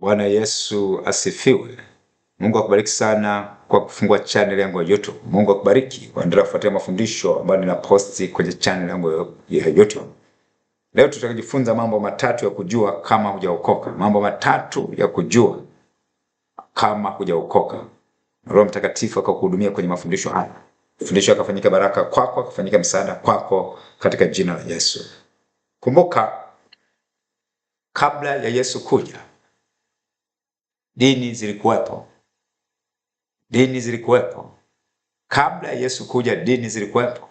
Bwana Yesu asifiwe. Mungu akubariki sana kwa kufungua channel yangu ya YouTube. Mungu akubariki kuendelea kufuatia mafundisho ambayo ninaposti kwenye channel yangu ya YouTube. Leo tutajifunza mambo matatu ya kujua kama hujaokoka, mambo matatu ya kujua kama hujaokoka. Roho Mtakatifu akakuhudumia kwenye mafundisho haya, fundisho akafanyika baraka kwako, akafanyika msaada kwako katika jina la Yesu. Kumbuka, kabla ya Yesu kuja Dini zilikuwepo, dini zilikuwepo kabla ya Yesu kuja, dini zilikuwepo,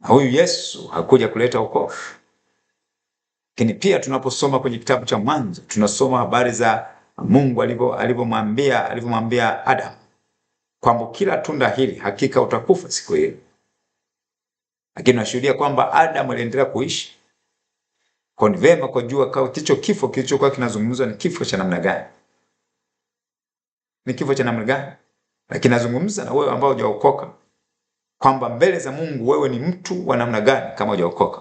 na huyu Yesu hakuja kuleta wokovu. Lakini pia tunaposoma kwenye kitabu cha Mwanzo tunasoma habari za Mungu alivyomwambia alivyomwambia Adam kwamba kila tunda hili hakika utakufa siku hiyo, lakini nashuhudia kwamba Adam aliendelea kuishi. Kwa ni vema kujua hicho kifo kilichokuwa kinazungumzwa ni kifo cha namna gani ni kifo cha namna gani? Lakini nazungumza na wewe ambao hujaokoka kwamba mbele za Mungu wewe ni mtu wa namna gani kama hujaokoka.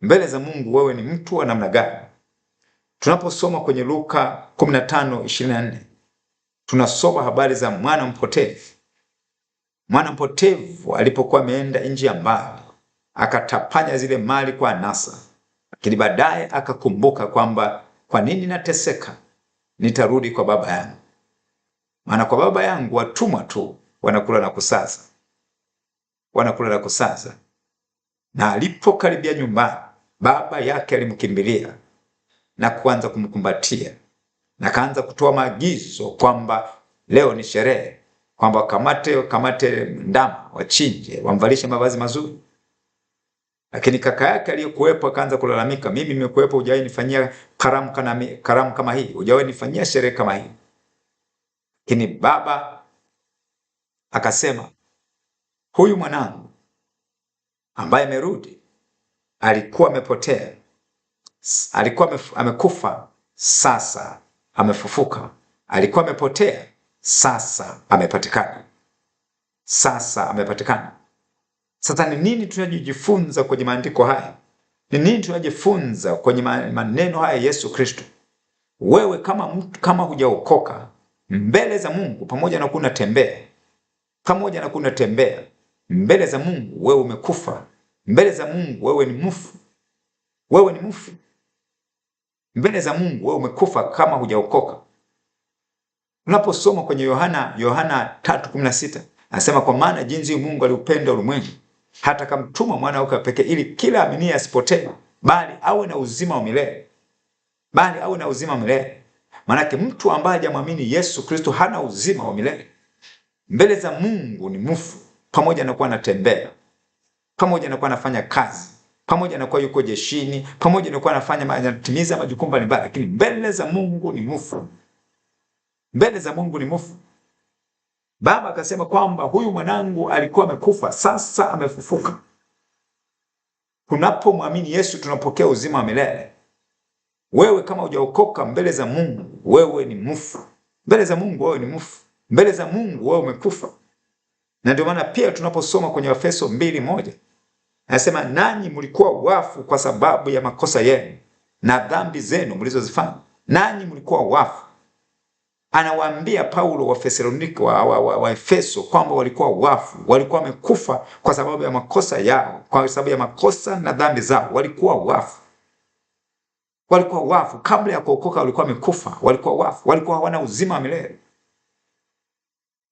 Mbele za Mungu wewe ni mtu wa namna gani? Tunaposoma kwenye Luka 15:24 tunasoma habari za mwana mpotevu. Mwana mpotevu alipokuwa ameenda nje ya mbali, akatapanya zile mali kwa nasa lakini baadaye akakumbuka kwamba kwa nini nateseka, nitarudi kwa baba yangu. Maana kwa baba yangu watumwa tu wanakula na kusaza, wanakula na kusaza. Na alipokaribia nyumbani, baba yake alimkimbilia na kuanza kumkumbatia na kaanza kutoa maagizo kwamba leo ni sherehe, kwamba kamate kamate ndama wachinje, wamvalishe mavazi mazuri. Lakini kaka yake aliyekuwepo akaanza kulalamika, mimi nimekuwepo, hujawahi nifanyia karamu kama hii, hujawahi nifanyia sherehe kama hii. Lakini baba akasema, huyu mwanangu ambaye amerudi alikuwa amepotea, alikuwa amekufa, sasa amefufuka, alikuwa amepotea, sasa amepatikana, sasa amepatikana. Sasa ni nini tunajifunza kwenye maandiko haya? Ni nini tunajifunza kwenye maneno haya Yesu Kristo? Wewe kama mtu kama hujaokoka mbele za Mungu pamoja na kuna tembea pamoja na kuna tembea mbele za Mungu wewe umekufa, mbele za Mungu wewe ni mufu, wewe ni mufu mbele za Mungu wewe umekufa kama hujaokoka. Unaposoma kwenye Yohana Yohana 3:16 anasema kwa maana jinsi Mungu aliupenda ulimwengu hata kamtuma mwana wake pekee, ili kila aminie asipotee, bali awe na uzima wa milele, bali awe na uzima wa milele. Maanake mtu ambaye hajamwamini Yesu Kristo hana uzima wa milele mbele za Mungu, ni mufu, pamoja na kuwa anatembea, pamoja na kuwa anafanya kazi, pamoja na kuwa yuko jeshini, pamoja na kuwa anafanya anatimiza majukumu mbalimbali, lakini mbele za Mungu ni mufu. mbele za Mungu ni mufu. Baba akasema kwamba huyu mwanangu alikuwa amekufa, sasa amefufuka. Tunapomwamini Yesu tunapokea uzima wa milele. Wewe kama hujaokoka mbele za Mungu wewe ni mufu. Mbele za Mungu wewe ni mufu. Mbele za Mungu wewe umekufa. Na ndio maana pia tunaposoma kwenye Efeso mbili moja anasema nanyi mlikuwa wafu kwa sababu ya makosa yenu na dhambi zenu mlizozifanya, nanyi mlikuwa wafu. Anawaambia Paulo Wathesalonike wa, wa, wa, wa Efeso kwamba walikuwa wafu, walikuwa wamekufa kwa sababu ya makosa yao, kwa sababu ya makosa na dhambi zao, walikuwa wafu walikuwa wafu kabla ya kuokoka, walikuwa wamekufa, walikuwa wafu, walikuwa hawana uzima wa milele,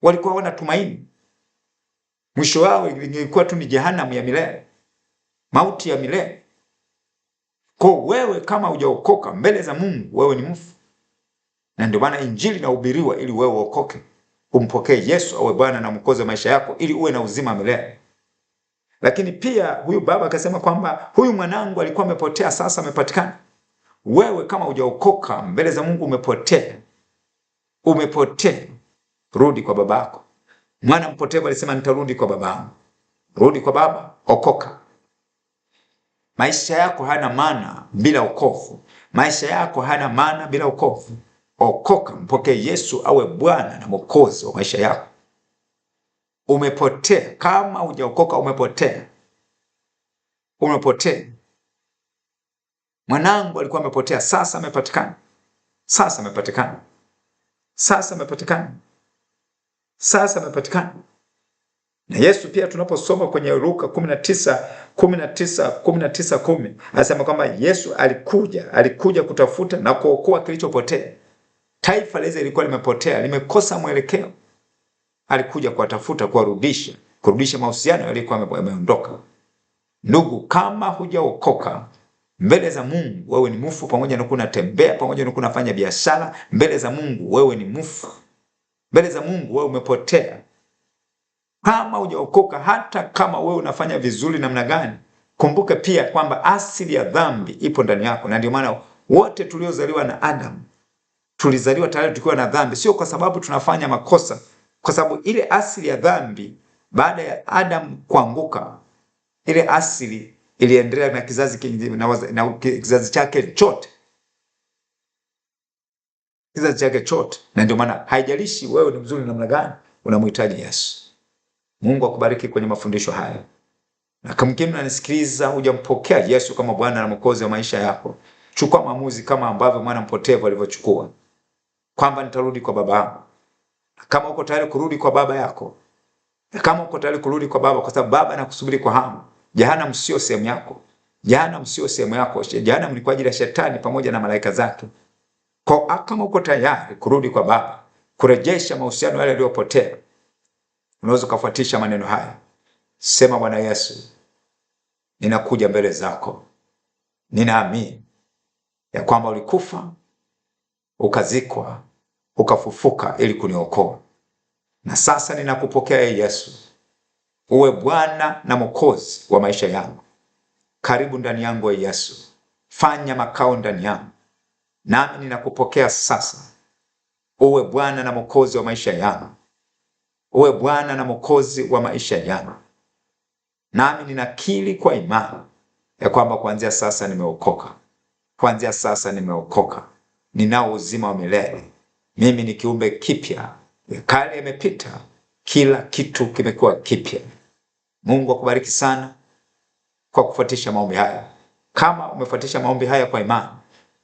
walikuwa hawana tumaini. Mwisho wao ilikuwa tu ni jehanamu ya milele, mauti ya milele. Kwa wewe kama hujaokoka mbele za Mungu, wewe ni mfu, na ndio maana injili inahubiriwa ili wewe uokoke, umpokee Yesu awe Bwana na Mwokozi wa maisha yako, ili uwe na uzima wa milele. Lakini pia huyu baba akasema kwamba huyu mwanangu alikuwa amepotea, sasa amepatikana wewe kama hujaokoka mbele za Mungu umepotea, umepotea. Rudi kwa babako. Mwana mpotevu alisema nitarudi kwa babangu. Rudi kwa baba, okoka. Maisha yako hana maana bila wokovu. Maisha yako hana maana bila wokovu. Okoka, mpokee Yesu awe Bwana na Mwokozi wa maisha yako. Umepotea, kama hujaokoka umepotea, umepotea. Mwanangu alikuwa amepotea, sasa amepatikana, sasa amepatikana, sasa amepatikana, sasa amepatikana. Na Yesu pia tunaposoma kwenye Luka 19 19 19 10 anasema kwamba Yesu alikuja, alikuja kutafuta na kuokoa kilichopotea. Taifa lile lilikuwa limepotea, limekosa mwelekeo. Alikuja kuwatafuta, kuwarudisha, kurudisha mahusiano yaliyokuwa yameondoka. Ndugu, kama hujaokoka mbele za Mungu wewe ni mufu, pamoja na kunatembea pamoja na kunafanya biashara. Mbele za Mungu wewe ni mufu, mbele za Mungu wewe umepotea kama hujaokoka. Hata kama wewe unafanya vizuri namna gani, kumbuka pia kwamba asili ya dhambi ipo ndani yako, na ndio maana wote tuliozaliwa na Adamu tulizaliwa tayari tukiwa na dhambi, sio kwa sababu tunafanya makosa, kwa sababu ile asili ya dhambi baada ya Adamu kuanguka, ile asili iliendelea na kizazi kingine na, na kizazi chake chote kizazi chake chote. Na ndio maana haijalishi wewe ni mzuri namna gani, unamhitaji Yesu. Mungu akubariki kwenye mafundisho haya, na kama mkimna nisikiliza, hujampokea Yesu kama Bwana na Mwokozi wa maisha yako, chukua maamuzi kama ambavyo mwana mpotevu alivyochukua, kwamba nitarudi kwa baba yangu. Kama uko tayari kurudi kwa baba yako, kama uko tayari kurudi kwa baba, kwa sababu baba anakusubiri kwa hamu Jahanam sio sehemu yako. Jahanam sio sehemu yako. Jahanam ni kwa ajili ya shetani pamoja na malaika zake. Kwa kama uko tayari kurudi kwa Baba, kurejesha mahusiano yale yaliyopotea, unaweza kufuatisha maneno haya. Sema, Bwana Yesu, ninakuja mbele zako, ninaamini ya kwamba ulikufa ukazikwa ukafufuka ili kuniokoa, na sasa ninakupokea, ee Yesu uwe Bwana na Mwokozi wa maisha yangu. Karibu ndani yangu e Yesu, fanya makao ndani yangu, nami ninakupokea sasa. Uwe Bwana na Mwokozi wa maisha yangu, uwe Bwana na Mwokozi wa maisha yangu. Nami ninakiri kwa imani ya kwamba kuanzia sasa nimeokoka, kuanzia sasa nimeokoka, ninao uzima wa milele. Mimi ni kiumbe kipya, kale yamepita kila kitu kimekuwa kipya. Mungu akubariki sana kwa kufuatisha maombi haya. Kama umefuatisha maombi haya kwa imani,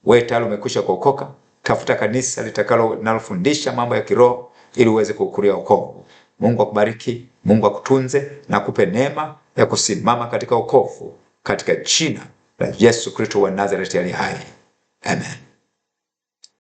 wewe tayari umekwisha kuokoka. Tafuta kanisa litakalo linalofundisha mambo ya kiroho ili uweze kuukulia wokovu. Mungu akubariki, Mungu akutunze na kupe neema ya kusimama katika wokovu katika jina la Yesu Kristo wa Nazareti aliye hai. Amen.